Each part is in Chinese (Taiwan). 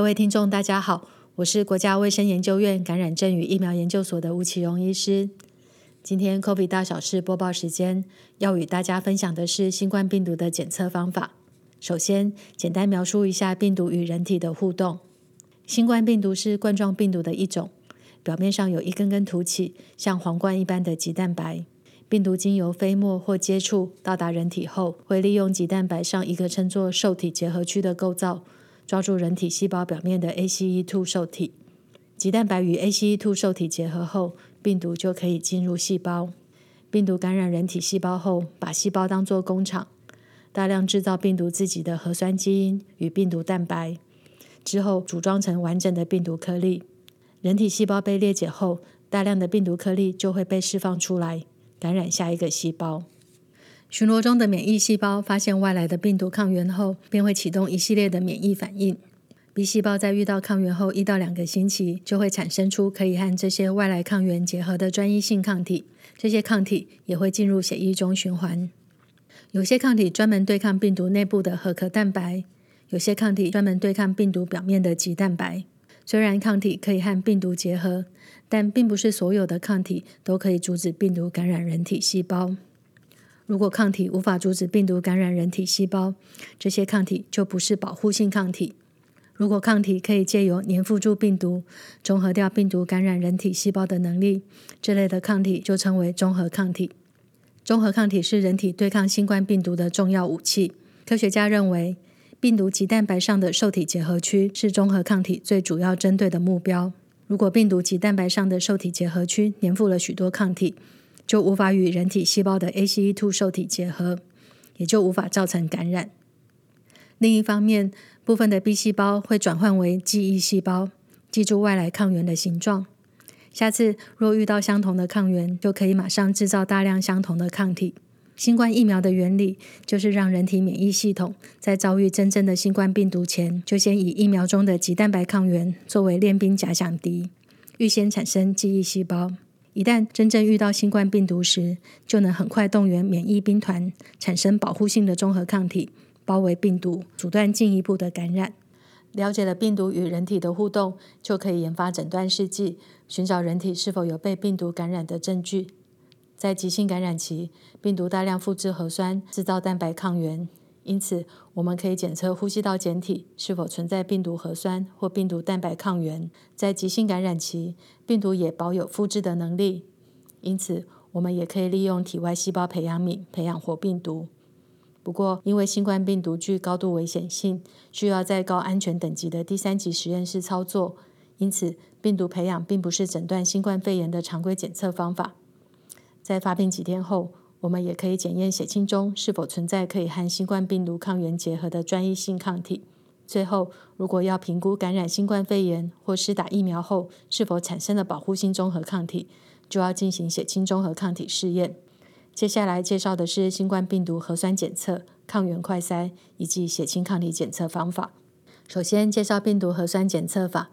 各位聽眾，大家好，我是國家衛生研究院感染症與疫苗研究所的吳綺容醫師。今天 COVID 大小事播報時間，要與大家分享的是新冠病毒的檢測方法。首先，簡單描述一下病毒與人體的互動。新冠病毒是冠狀病毒的一種，表面上有一根根凸起，像皇冠一般的棘蛋白。病毒經由飛沫或接觸到達人體後，會利用棘蛋白上一個稱作受體結合區的構造。抓住人體細胞表面的 ACE2 受體，棘蛋白與 ACE2 受體結合後，病毒就可以進入細胞。病毒感染人體細胞後，把細胞當做工廠，大量製造病毒自己的核酸基因與病毒蛋白，之後組裝成完整的病毒顆粒。人體細胞被裂解後，大量的病毒顆粒就會被釋放出來，感染下一個細胞。巡邏中的免疫細胞發現外來的病毒抗原後，便會啟動一系列的免疫反應。B 細胞在遇到抗原後一到兩個星期，就會產生出可以和這些外來抗原結合的專一性抗體。這些抗體也會進入血液中循環。有些抗體專門對抗病毒內部的核殼蛋白，有些抗體專門對抗病毒表面的棘蛋白。雖然抗體可以和病毒結合，但並不是所有的抗體都可以阻止病毒感染人體細胞。如果抗體無法阻止病毒感染人體細胞，這些抗體就不是保護性抗體。如果抗體可以借由粘附住病毒，中和掉病毒感染人體細胞的能力，這類的抗體就稱為中和抗體。中和抗體是人體對抗新冠病毒的重要武器。科學家認為，病毒棘蛋白上的受體結合區是中和抗體最主要針對的目標。如果病毒棘蛋白上的受體結合區粘附了許多抗體，就無法與人體細胞的 ACE2 受體結合，也就無法造成感染。另一方面，部分的 B 細胞會轉換為記憶細胞，記住外來抗原的形狀。下次若遇到相同的抗原，就可以馬上制造大量相同的抗體。新冠疫苗的原理就是讓人體免疫系統在遭遇真正的新冠病毒前，就先以疫苗中的棘蛋白抗原作為練兵假想敵，預先產生記憶細胞。一旦真正遇到新冠病毒時，就能很快動員免疫兵團，產生保護性的中和抗體，包圍病毒，阻斷進一步的感染。了解了病毒與人體的互動，就可以研發診斷試劑，尋找人體是否有被病毒感染的證據。在急性感染期，病毒大量複制核酸，制造蛋白抗原。因此，我們可以檢測呼吸道檢體是否存在病毒核酸或病毒蛋白抗原。在急性感染期，病毒也保有複製的能力。因此，我們也可以利用體外細胞培養皿培養活病毒。不過，因為新冠病毒具高度危險性，需要在高安全等級的第三級實驗室操作，因此病毒培養並不是診斷新冠肺炎的常規檢測方法。在發病幾天後，我們也可以檢驗血清中是否存在可以和新冠病毒抗原結合的專一性抗體。最後，如果要評估感染新冠肺炎或施打疫苗後是否產生了保護性中和抗體，就要進行血清中和抗體試驗。接下來介紹的是新冠病毒核酸檢測、抗原快篩以及血清抗體檢測方法。首先介紹病毒核酸檢測法，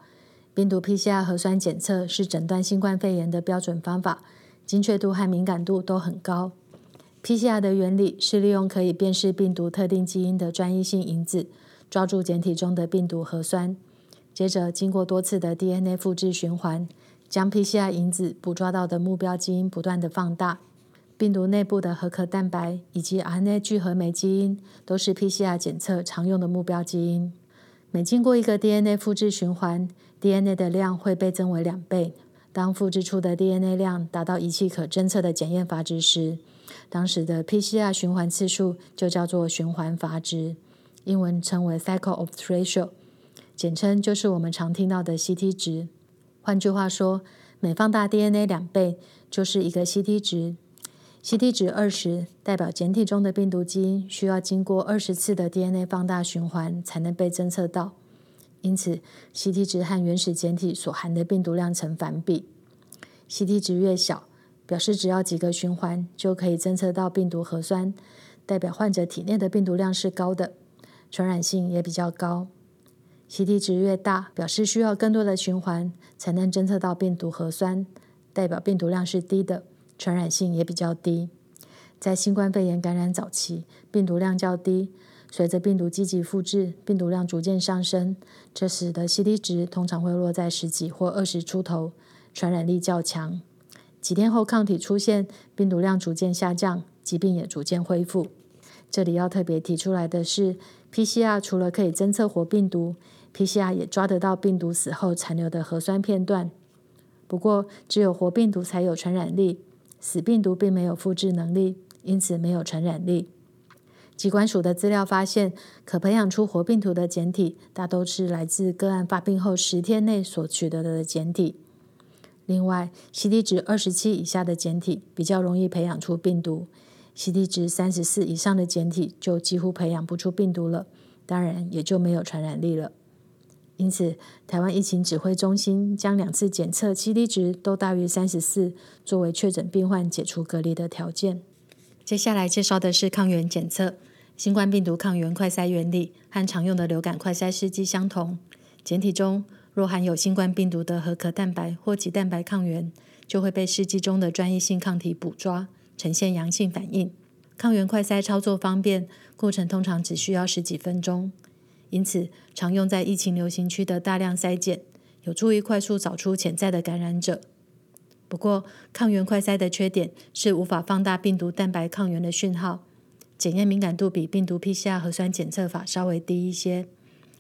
病毒 PCR 核酸檢測是診斷新冠肺炎的標準方法，精確度和敏感度都很高。PCR 的原理是利用可以辨識病毒特定基因的專一性引子，抓住檢體中的病毒核酸，接着經過多次的 DNA 複製循環，將 PCR 引子捕抓到的目標基因不斷的放大。病毒內部的核殼蛋白以及 RNA 聚合酶基因都是 PCR 檢測常用的目標基因。每經過一個 DNA 複製循環，DNA 的量會倍增為兩倍。當複製出的 DNA 量達到儀器可偵測的檢驗閾值時，當時的 PCR 循環次數就叫做循環閾值，英文稱為 cycle of threshold，簡稱就是我們常聽到的 CT 值。換句話說，每放大 DNA 兩倍就是一個 CT 值。CT 值二十代表檢體中的病毒基因需要經過二十次的 DNA 放大循環才能被偵測到，因此 CT 值和原始檢體所含的病毒量成反比。CT 值越小，表示只要幾個循環就可以偵測到病毒核酸，代表患者體內的病毒量是高的，傳染性也比較高。Ct 值越大，表示需要更多的循環才能偵測到病毒核酸，代表病毒量是低的，傳染性也比較低。在新冠肺炎感染早期，病毒量較低，隨着病毒積極複製，病毒量逐漸上升，這時的 Ct 值通常會落在十幾或二十出頭，傳染力較強。幾天後，抗體出現，病毒量逐漸下降，疾病也逐漸恢復。這裡要特別提出來的是，PCR 除了可以偵測活病毒，PCR 也抓得到病毒死後殘留的核酸片段。不過，只有活病毒才有傳染力，死病毒並沒有複製能力，因此沒有傳染力。疾管署的資料發現，可培養出活病毒的檢體，大都是來自個案發病後十天內所取得的檢體。另外，Ct 值二十七以下的檢體比較容易培養出病毒，Ct 值三十四以上的檢體就幾乎培養不出病毒了，當然也就沒有傳染力了。因此，台灣疫情指揮中心將兩次檢測 Ct 值都大於三十四作為確診病患解除隔離的條件。接下來介紹的是抗原檢測，新冠病毒抗原快篩原理和常用的流感快篩試劑相同，檢體中。若含有新冠病毒的核殼蛋白或棘蛋白抗原，就會被試劑中的專一性抗體捕抓，呈現陽性反應。抗原快篩操作方便，過程通常只需要十幾分鐘，因此常用在疫情流行區的大量篩檢，有助於快速找出潛在的感染者。不過，抗原快篩的缺點是無法放大病毒蛋白抗原的訊號，檢驗敏感度比病毒 PCR 核酸檢測法稍微低一些。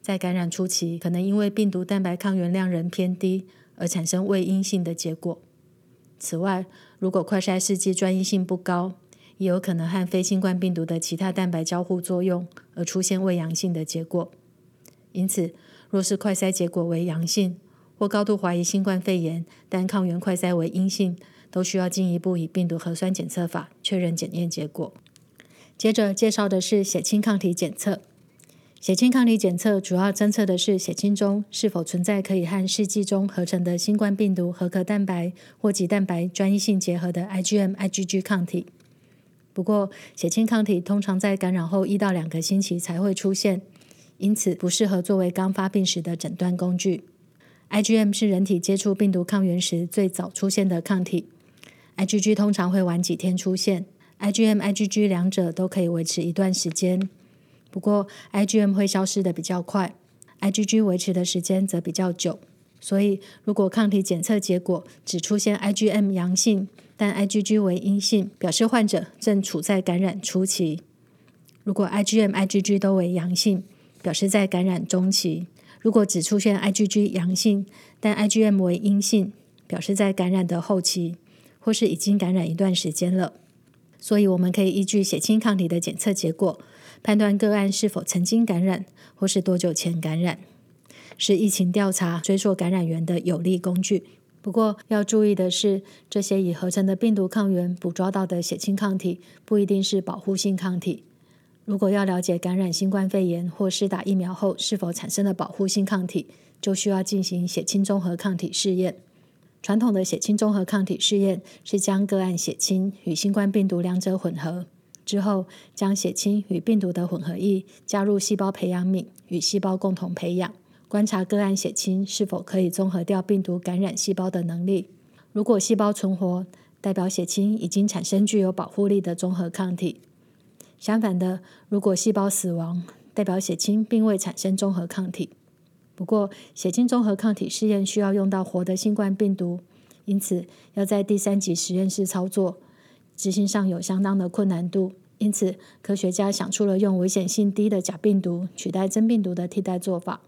在感染初期，可能因為病毒蛋白抗原量仍偏低而產生偽陰性的結果。此外，如果快篩試劑專一性不高，也有可能和非新冠病毒的其他蛋白交互作用而出現偽陽性的結果。因此，若是快篩結果為陽性，或高度懷疑新冠肺炎但抗原快篩為陰性，都需要進一步以病毒核酸檢測法確認檢驗結果。接着介紹的是血清抗體檢測。血清抗體檢測主要偵測的是血清中是否存在可以和試劑中合成的新冠病毒核殼蛋白或棘蛋白專一性結合的 IgM、IgG 抗體。不過，血清抗體通常在感染後一到兩個星期才會出現，因此不適合作為剛發病時的診斷工具。IgM 是人體接觸病毒抗原時最早出現的抗體，IgG 通常會晚幾天出現。IgM、IgG 兩者都可以維持一段時間。不過，IgM 會消失的比較快，IgG 維持的時間則比較久。所以，如果抗體檢測結果只出現 IgM 陽性，但 IgG 為陰性，表示患者正處在感染初期；如果 IgM、IgG 都為陽性，表示在感染中期；如果只出現 IgG 陽性，但 IgM 為陰性，表示在感染的後期，或是已經感染一段時間了。所以，我們可以依據血清抗體的檢測結果。判斷個案是否曾經感染，或是多久前感染，是疫情調查追溯感染源的有力工具。不過要注意的是，這些已合成的病毒抗原捕捉到的血清抗體，不一定是保護性抗體。如果要了解感染新冠肺炎，或是打疫苗後是否產生了保護性抗體，就需要進行血清中和抗體試驗。傳統的血清中和抗體試驗是將個案血清與新冠病毒兩者混合。之後，將血清與病毒的混合液加入細胞培養皿，與細胞共同培養，觀察個案血清是否可以中和掉病毒感染細胞的能力。如果細胞存活，代表血清已經產生具有保護力的中和抗體；相反的，如果細胞死亡，代表血清並未產生中和抗體。不過，血清中和抗體試驗需要用到活的新冠病毒，因此要在第三級實驗室操作。執行上有相當的困難度，因此科學家想出了用危險性低的假病毒取代真病毒的替代做法。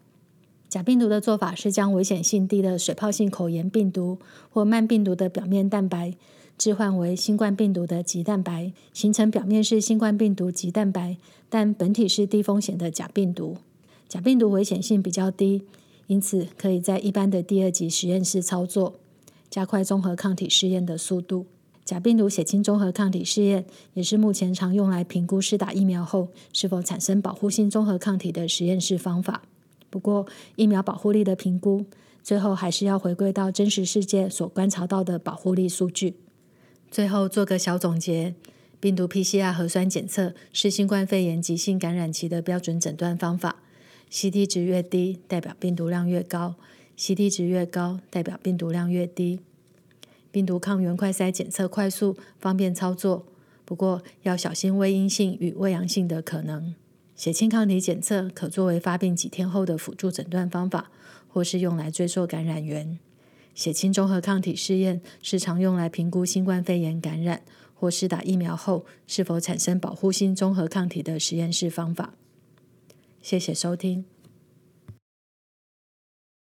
假病毒的做法是將危險性低的水泡性口炎病毒或慢病毒的表面蛋白置換為新冠病毒的棘蛋白，形成表面是新冠病毒棘蛋白，但本體是低風險的假病毒。假病毒危險性比較低，因此可以在一般的第二級實驗室操作，加快中和抗體試驗的速度。假病毒血清中和抗體試驗也是目前常用來評估施打疫苗後是否產生保護性中和抗體的實驗室方法。不過，疫苗保護力的評估最後還是要回歸到真實世界所觀察到的保護力數據。最後做個小總結：病毒 PCR 核酸檢測是新冠肺炎急性感染期的標準診斷方法。Ct 值越低，代表病毒量越高；Ct 值越高，代表病毒量越低。病毒抗原快篩檢測快速方便操作，不過要小心偽陰性與偽陽性的可能。血清抗體檢測可作為發病幾天後的輔助診斷方法，或是用來追溯感染源。血清中和抗體試驗是常用來評估新冠肺炎感染，或是打疫苗後是否產生保護性中和抗體的實驗室方法。謝謝收聽。